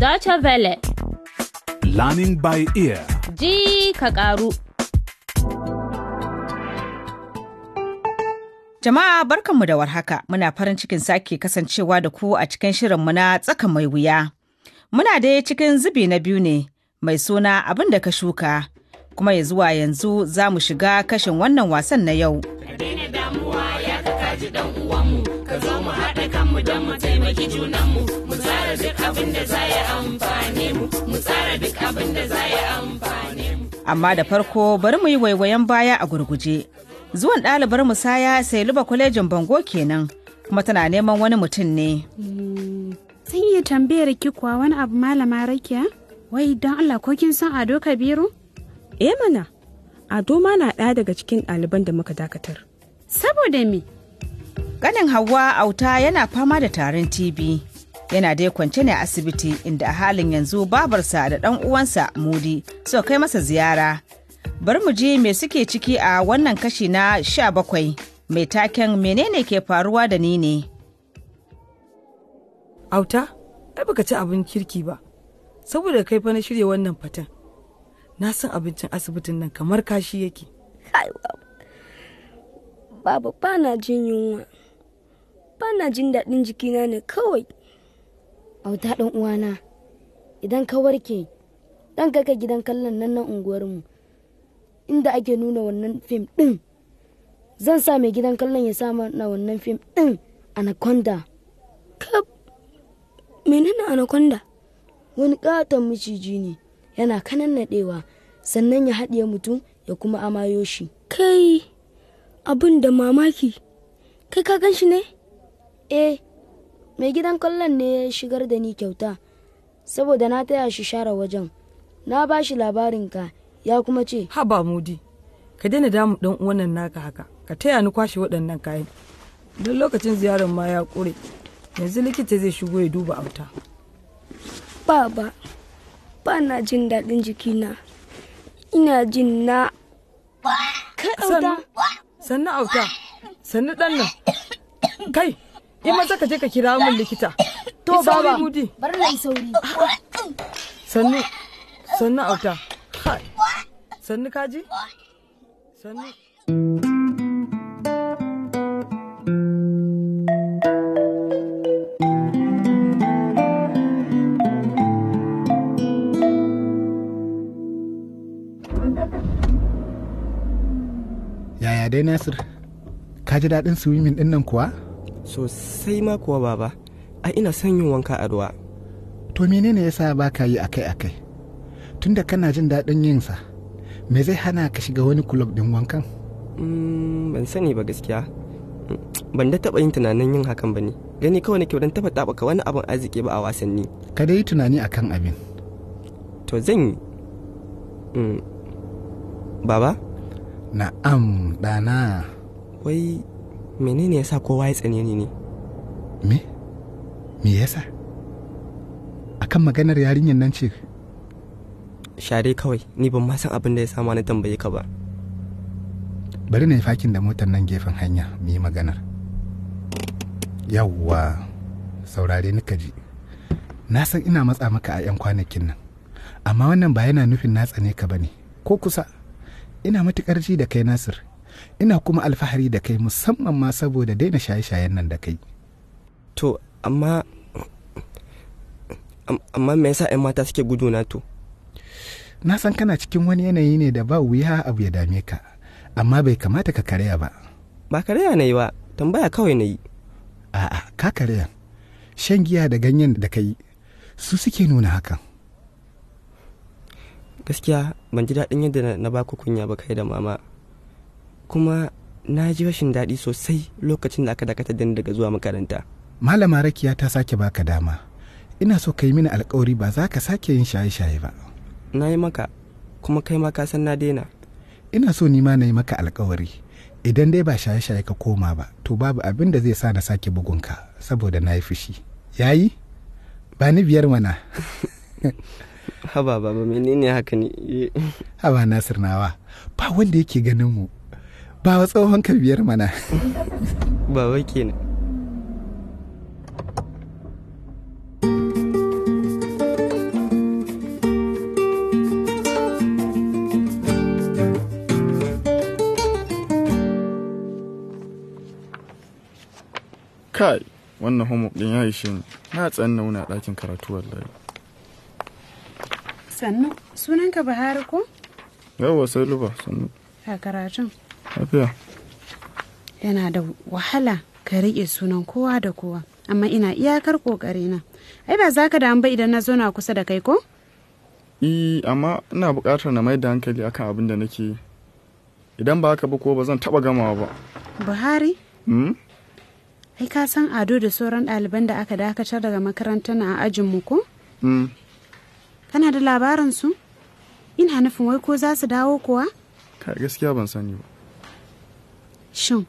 Dacha Vele. Learning by ear. Ji ka karu. Jama'a barkanmu da warhaka muna farin cikin sake kasancewa da ku a cikin shirinmu na tsaka mai wuya. Muna dai cikin zubi na biyu ne mai suna abin da ka shuka kuma ya zuwa yanzu za mu shiga kashin wannan wasan na yau. damuwa ya uwanmu mu don mu taimaki junanmu mu tsara duk abin da za ya amfane mu mu tsara duk abin da za ya amfane mu amma da farko bari mu yi waiwayen baya a gurguje zuwan ɗalibar musaya sai luba kwalejin bango kenan kuma tana neman wani mutum ne sun eh, yi tambayar ki kuwa wani abu malama rakiya wai don allah ko kin san ado kabiru eh mana ado ma na ɗaya daga cikin ɗaliban da muka dakatar saboda me Ganin Hauwa auta yana fama da tarin TB. Yana dai kwance ne a asibiti inda a halin yanzu babarsa da ɗan uwansa Mudi suka so kai masa ziyara. Bari mu ji me suke ciki a wannan kashi na sha bakwai mai taken menene ke faruwa da ni ne. Auta, ai baka ci abin kirki ba, saboda kai fa na shirya wannan fatan. Na san abincin asibitin nan kamar kashi yake. Babu ba na jin yunwa. Bana jin daɗin jikina ne kawai auta ɗan uwana idan ka warke ɗan kaka gidan kallon nan na unguwarmu inda ake nuna wannan fim ɗin zan sa mai gidan kallon ya sa na wannan fim ɗin anaconda kab menene anaconda wani ƙaton miciji ne yana kanannaɗewa sannan ya haɗiye mutum ya kuma amayo shi kai abin da mamaki kai ka gan shi ne eh mai gidan kallon ne ya shigar da ni kyauta saboda na taya shi share wajen na ba shi labarinka ya kuma ce haba mudi ka daina damu dan wannan naka haka ka taya ni kwashe waɗannan kayan don lokacin ziyarar ma ya ƙure yanzu likita zai shigo ya duba auta baba ba na jin daɗin jikina ina jin na ka auta sannu auta sannu ɗan nan kai in maza ka je ka kira mun likita to baba mudi bar na sauri sannu sannu auta sannu kaji sannu Yaya dai Nasir, ka ji daɗin swimming ɗin nan kuwa? sosai ma kuwa baba a ina son yin wanka a ruwa to menene yasa ba ka yi akai-akai tunda kana jin daɗin yinsa me zai hana ka shiga wani kulob ɗin wankan mm, ban sani ba gaskiya mm, ban da taɓa yin tunanin yin hakan ba ne gani kawai nake don taɓa taɓa wani abin arziki ba a wasanni ka dai yi tunani akan abin to zan yi mm, baba na'am ɗana wai menene yasa kowa ya tsane ni ne me me yasa akan maganar yarinyar nan ce share kawai ni ban ma san abin da ya sama na tambaye ka ba bari na yi fakin da motar nan gefen hanya mu yi maganar yawwa saurare ni ji na san ina matsa maka a 'yan kwanakin nan amma wannan ba yana nufin na tsane ka ba ne ko kusa ina matukar ji da kai nasir ina kuma alfahari da kai musamman ma saboda daina shaye-shayen nan da kai to amma amma me yasa 'yan mata suke gudu na to na san kana cikin wani yanayi ne da ba wuya abu ya dame ka amma bai kamata ka karya ba ba karya na yi ba tambaya kawai na yi a'a ka karya shan giya da ganyen da ka su suke nuna hakan gaskiya ban ji daɗin yadda na baku kunya ba kai da mama kuma na ji rashin daɗi sosai lokacin da aka dakatar da ni daga zuwa makaranta malama rakiya ta sake baka dama ina so ka mini alkawari ba za ka sake yin shaye-shaye ba na yi maka kuma kai ma ka san na daina ina so ni ma na yi maka alkawari idan dai ba shaye-shaye ka koma ba to babu abin da zai sa na sake bugunka saboda na yi fushi yayi ba ni biyar mana haba ba menene haka ne haba nasir nawa ba wanda yake ganin mu ba wa tsohon ka biyar mana ba wai kenan kai wannan homework din ya shi ne na tsanna wuna a ɗakin karatu wallahi sannu sunanka buhari ko yawwa sai luba sannu a karatun lafiya yana da wahala ka riƙe sunan kowa da kowa amma ina iyakar na ai ba za ka damu ba idan na zo na kusa da kai ko i e, amma ina buƙatar na mai da hankali akan abin da nake yi idan ba haka ba ko ba zan taɓa gamawa ba buhari hmm? ai ka san ado da sauran ɗaliban da aka dakatar daga makaranta na a mu ko hmm. kana da labarin su ina nufin wai ko za su dawo kuwa ka gaskiya ban sani ba Shin,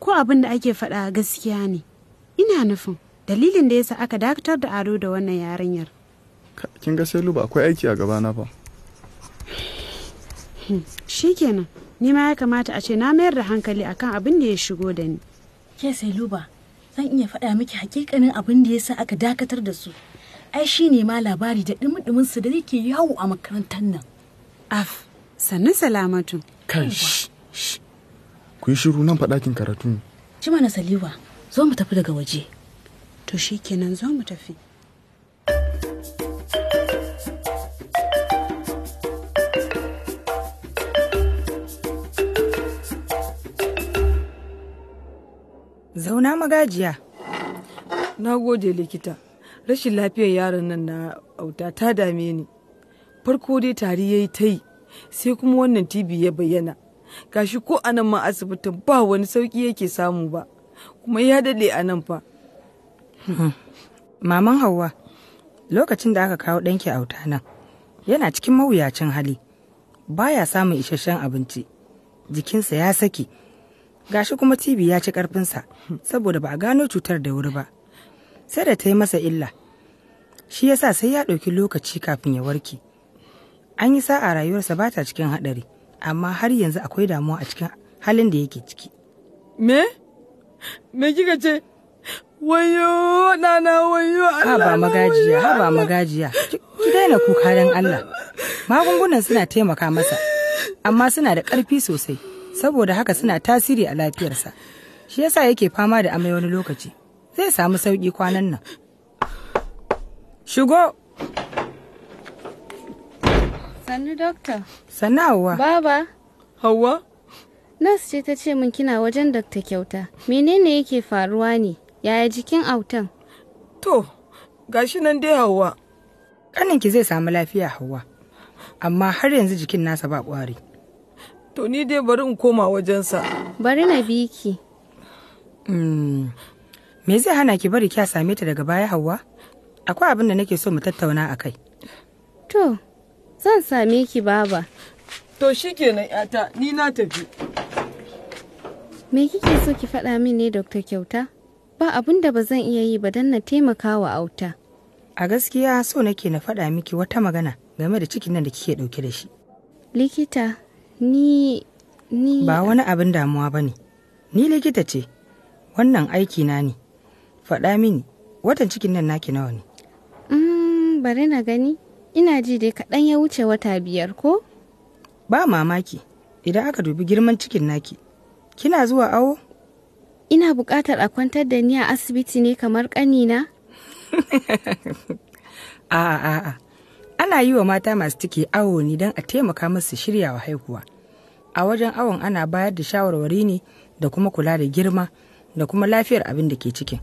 ko abin da ake faɗa gaskiya ne? Ina nufin dalilin da yasa aka dakatar da ado da wannan yarinyar. Kin ga sai luba akwai aiki a gabana fa. Hmm, shikenan, ni ma ya kamata a ce na mayar da hankali akan abin da ya shigo da ni. Ke sai luba, zan iya faɗa miki hakikanin abin da yasa aka dakatar da su. Ai shi ne ma labari da ɗumin su da yake yawo a makarantar nan. Af, sannu salamatu. Kanshi. ku yi shiru nan faɗakin karatu ne ci na saliwa zo mu tafi daga waje to shi kenan zo mu tafi zauna magajiya na gode likita rashin lafiyar yaron nan na auta ta dame ni farko dai tari ya yi ta yi sai kuma wannan tibi ya bayyana gashi ko anan ma asibitin ba wani sauki yake samu ba kuma ya daɗe anan fa hmm. maman hawa lokacin da aka kawo ɗanki auta nan yana cikin mawuyacin hali baya samun isasshen abinci jikinsa ya sake gashi kuma tibi ya ci karfinsa saboda ba a gano cutar da wuri ba sai da ta yi masa illa shi yasa sai ya ɗauki lokaci kafin ya warke an yi sa'a rayuwarsa ba ta cikin haɗari amma har yanzu akwai damuwa a cikin halin da yake ciki. Me? Me kika ce? Wayo nana wayo Allah. ba magajiya, ba magajiya. Ki daina kuka don Allah. Magungunan suna taimaka masa, amma suna da ƙarfi sosai, saboda haka suna tasiri a lafiyarsa. Shi yasa yake fama da amai wani lokaci. Zai samu sauƙi kwanan nan. Shigo! Sannu dokta. Sannu Hauwa. Baba. Hauwa. Nas ce ta ce min kina wajen dokta kyauta. Menene yake faruwa ne? Yaya jikin autan? To, gashi nan dai Hauwa. Ƙaninki zai samu lafiya Hauwa. Amma har yanzu jikin nasa ba ƙwari. To ni dai bari in koma wajensa. Bari na bi ki. Hmm. Me zai hana ki bari kya same ta daga baya Hauwa? Akwai abin da nake so mu tattauna a kai. To, Zan same ki baba. To shikenan yata ni na tafi. Me kike so ki faɗa min ne Dokta Kyauta? Ba abin da ba zan iya yi ba don na taimaka wa auta. A gaskiya so nake na faɗa miki wata magana game da cikin nan da kike ɗauke da shi. Likita, ni ni ba wani abin damuwa ba ne. Ni likita ce, wannan aiki na ne. Faɗa mini, watan cikin nan naki nawa ne? Mm, bari na gani. ina ji dai kaɗan ya wuce wata biyar ko? Ba mamaki idan aka dubi girman cikin naki. Kina zuwa awo? Ina buƙatar a kwantar da ni a asibiti ne kamar ƙanina? a'a a ana yi wa mata masu ciki awo ne don a taimaka musu shirya wa haihuwa. A wajen awon ana bayar da shawarwari ne da kuma kula da girma da kuma lafiyar abin da ke cikin.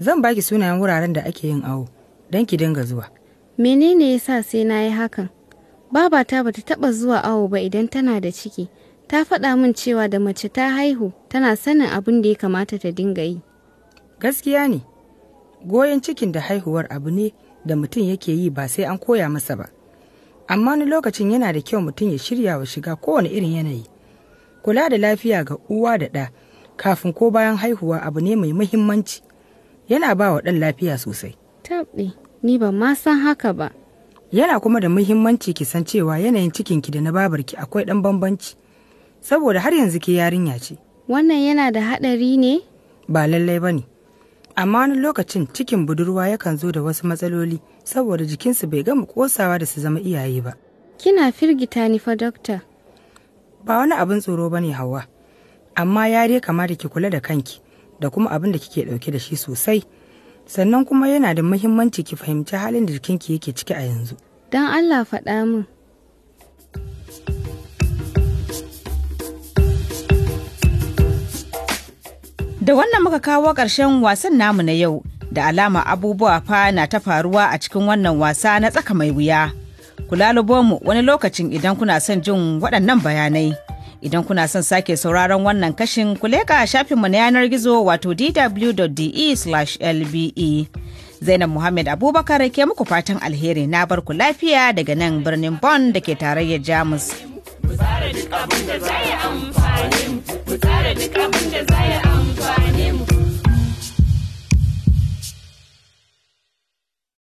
Zan baki sunayen wuraren da ake yin awo don ki dinga zuwa. menene ya sa sai na yi hakan babata bata taba zuwa awo ba idan tana da ciki ta faɗa min cewa da mace ta haihu tana sanin abin da ya kamata ta dinga yi gaskiya ne goyon cikin da haihuwar abu ne da mutum yake yi ba sai an koya masa ba amma wani lokacin yana da kyau mutum ya shirya wa shiga kowane irin yanayi kula da lafiya ga uwa da ɗa kafin ko bayan haihuwa abu ne mai muhimmanci yana ba wa ɗan lafiya sosai. ni ba ma san haka ba. Yana kuma da muhimmanci ki san cewa yanayin cikinki da na babarki akwai ɗan bambanci, saboda har yanzu ke yarinya ce. Wannan yana da haɗari ne? Ba lallai ba ne. Amma wani lokacin cikin budurwa yakan zo da wasu matsaloli saboda jikinsu bai gama kosawa da su zama iyaye ba. Kina firgita ni fa dokta. Ba wani abin tsoro ba ne hawa, amma ya dai kamata ki kula da kanki da kuma abin da kike ɗauke da shi sosai. sannan kuma yana da muhimmanci ki fahimci halin da jikinki yake ciki a yanzu don allah faɗa min da wannan muka kawo ƙarshen wasan namu na yau da alama abubuwa fa na ta faruwa a cikin wannan wasa na tsaka mai wuya ku lalubo mu wani lokacin idan kuna son jin waɗannan bayanai Idan kuna son sake sauraron wannan kashin ku leƙa shafinmu na yanar gizo wato dw.de/lbe. E. Zainab Muhammad Abubakar ke muku fatan alheri na barku lafiya daga nan birnin Bonn da ke tarayyar Jamus. mu tsara duk abin za yi amfani mu.